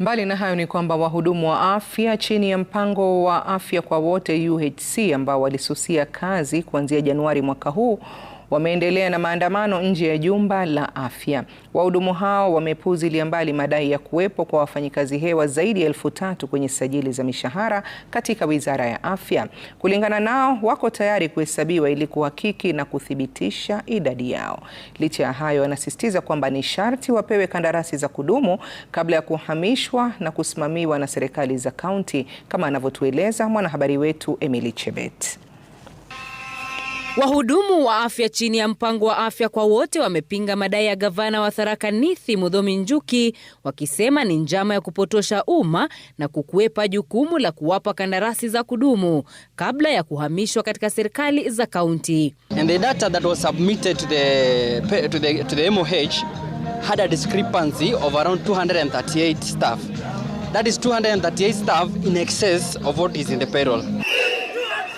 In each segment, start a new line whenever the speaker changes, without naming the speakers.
Mbali na hayo ni kwamba wahudumu wa afya chini ya mpango wa afya kwa wote UHC ambao walisusia kazi kuanzia Januari mwaka huu wameendelea na maandamano nje ya jumba la afya. Wahudumu hao wamepuuzilia mbali madai ya kuwepo kwa wafanyikazi hewa zaidi ya elfu tatu kwenye sajili za mishahara katika wizara ya afya. Kulingana nao, wako tayari kuhesabiwa ili kuhakiki na kuthibitisha idadi yao. Licha ya hayo, wanasisitiza kwamba ni sharti wapewe kandarasi za kudumu kabla ya kuhamishwa na kusimamiwa na serikali za kaunti, kama anavyotueleza mwanahabari wetu Emily Chebet.
Wahudumu wa afya chini ya mpango wa afya kwa wote wamepinga madai ya gavana wa Tharaka Nithi Mudhomi Njuki wakisema ni njama ya kupotosha umma na kukwepa jukumu la kuwapa kandarasi za kudumu kabla ya kuhamishwa katika serikali za kaunti.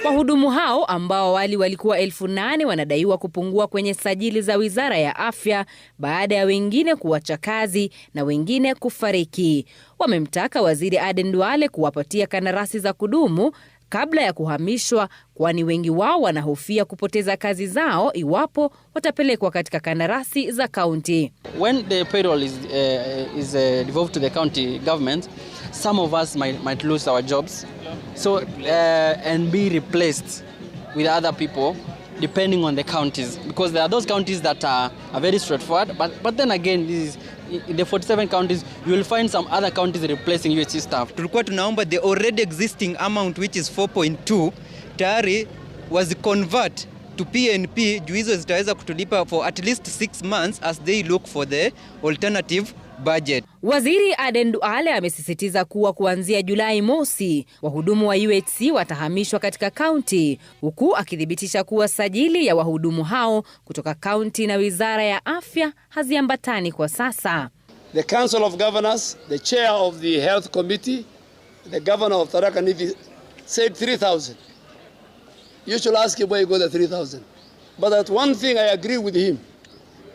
Wahudumu hao ambao awali walikuwa elfu nane wanadaiwa kupungua kwenye sajili za wizara ya afya baada ya wengine kuacha kazi na wengine kufariki. Wamemtaka waziri Aden Duale kuwapatia kandarasi za kudumu kabla ya kuhamishwa, kwani wengi wao wanahofia kupoteza kazi zao iwapo watapelekwa katika kandarasi za kaunti.
Eh, eh, depending on the counties because there are those counties that are, are very straightforward but, but then again this is the 47 counties you will find some other counties replacing UHC staff.
Tulikuwa tunaomba the already existing amount which is 4.2 tayari was convert to PNP juu hizo zitaweza kutulipa for at least 6 months as they look for the alternative budget.
Waziri Aden Duale amesisitiza kuwa kuanzia Julai mosi wahudumu wa UHC watahamishwa katika kaunti, huku akithibitisha kuwa sajili ya wahudumu hao kutoka kaunti na wizara ya afya haziambatani kwa sasa.
The Council of Governors, the chair of the Health Committee, the governor of Tharaka Nithi said 3000. You should ask him where he got the 3000. But that one thing I agree with him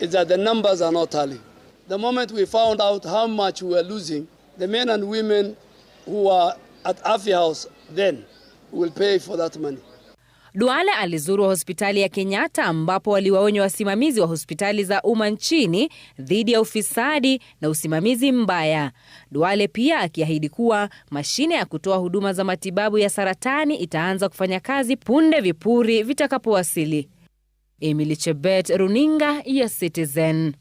is that the numbers are not tallying. The moment we found out how much we were losing, the men and women who were at Afi House then will pay for that money.
Duale alizuru hospitali ya Kenyatta ambapo waliwaonya wasimamizi wa hospitali za umma nchini dhidi ya ufisadi na usimamizi mbaya. Duale pia akiahidi kuwa mashine ya kutoa huduma za matibabu ya saratani itaanza kufanya kazi punde vipuri vitakapowasili. Emily Chebet, Runinga ya Citizen.